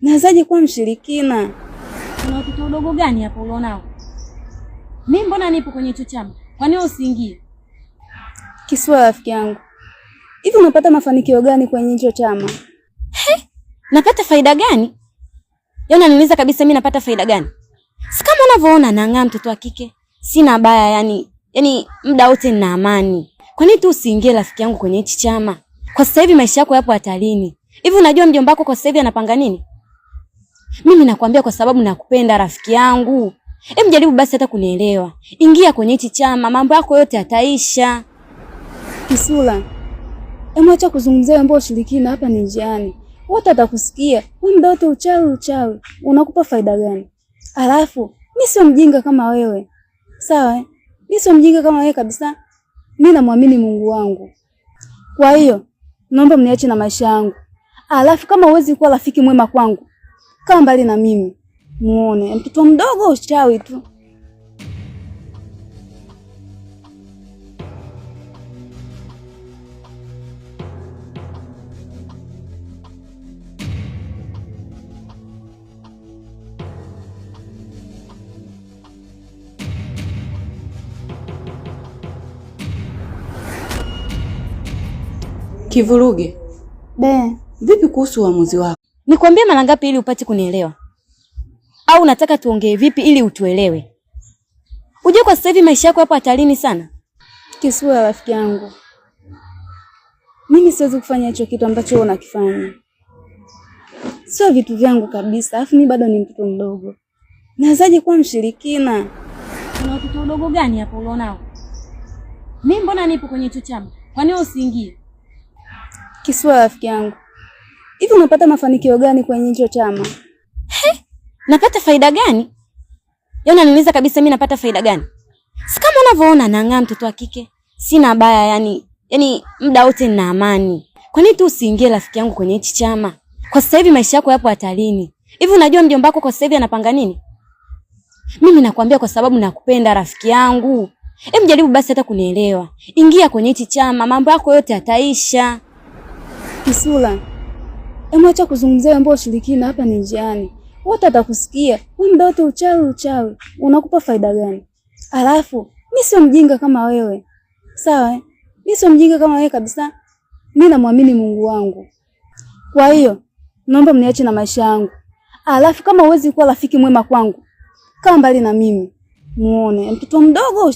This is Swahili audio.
nawezaje kuwa mshirikina? Kuna watoto wadogo gani hapo ulionao? Mimi mbona nipo kwenye hicho chama, kwa nini usiingie? Kiswa rafiki yangu, hivi unapata mafanikio gani kwenye hicho chama? He, napata faida gani? Yaani unaniuliza kabisa mimi napata faida gani? Si kama unavyoona nang'aa, mtoto wa kike, sina baya, yani yani muda wote nina amani. Kwa nini tu usiingie rafiki yangu kwenye hichi chama? Kwa sasa hivi maisha yako yapo hatarini. Hivi unajua mjomba wako kwa sasa hivi anapanga nini? Mimi nakwambia kwa sababu nakupenda rafiki yangu. Hebu jaribu basi hata kunielewa. Ingia kwenye hichi chama, mambo yako yote yataisha. Kisula. Hebu acha kuzungumzia mambo ya ushirikina hapa ni njiani. Wote atakusikia. Wewe muda wote uchawi uchawi. Unakupa faida gani? Alafu mimi sio mjinga kama wewe. Sawa? Mimi eh? sio mjinga kama wewe kabisa. Mimi namwamini Mungu wangu. Kwa hiyo naomba mniache na maisha yangu. Alafu kama huwezi kuwa rafiki mwema kwangu, kaa mbali na mimi. Muone mtoto mdogo, uchawi tu. Kivuruge be Vipi kuhusu uamuzi wako? Nikwambie mara ngapi ili upate kunielewa? Au unataka tuongee vipi ili utuelewe? Unajua kwa sasa hivi maisha yako yapo hatarini sana. Kisua, rafiki yangu, mimi siwezi kufanya hicho kitu ambacho wewe unakifanya. Sio vitu vyangu kabisa, alafu mimi bado ni mtoto mdogo. Nawezaje kuwa mshirikina? Una watoto udogo gani hapo ulionao? Mimi mbona nipo kwenye hicho chama? Kwa nini usiingie? Kisua, rafiki yangu Hivi unapata mafanikio gani kwenye hicho chama? He, napata faida gani? Yaani niuliza kabisa mimi napata faida gani? Si kama unavyoona nang'aa mtoto wa kike. Sina baya yani, yani muda wote nina amani. Kwa nini tu usiingie rafiki yangu kwenye hichi chama? Kwa sasa hivi maisha yako yapo hatarini. Hivi unajua mjomba wako kwa sasa hivi anapanga nini? Mimi nakwambia kwa sababu nakupenda rafiki yangu. Hebu jaribu basi hata kunielewa. Ingia kwenye hichi chama, mambo yako yote yataisha. Kisula, Hebu acha kuzungumzia mambo ya ushirikina, hapa ni njiani, wote atakusikia. Wewe muda wote uchawi uchawi, unakupa faida gani? Alafu mi sio mjinga kama wewe, sawa? Mi sio mjinga kama wewe kabisa, mi namwamini Mungu wangu. Kwa hiyo naomba mniache na maisha yangu, alafu kama uwezi kuwa rafiki mwema kwangu, kaa mbali na mimi. Muone mtoto mdogo.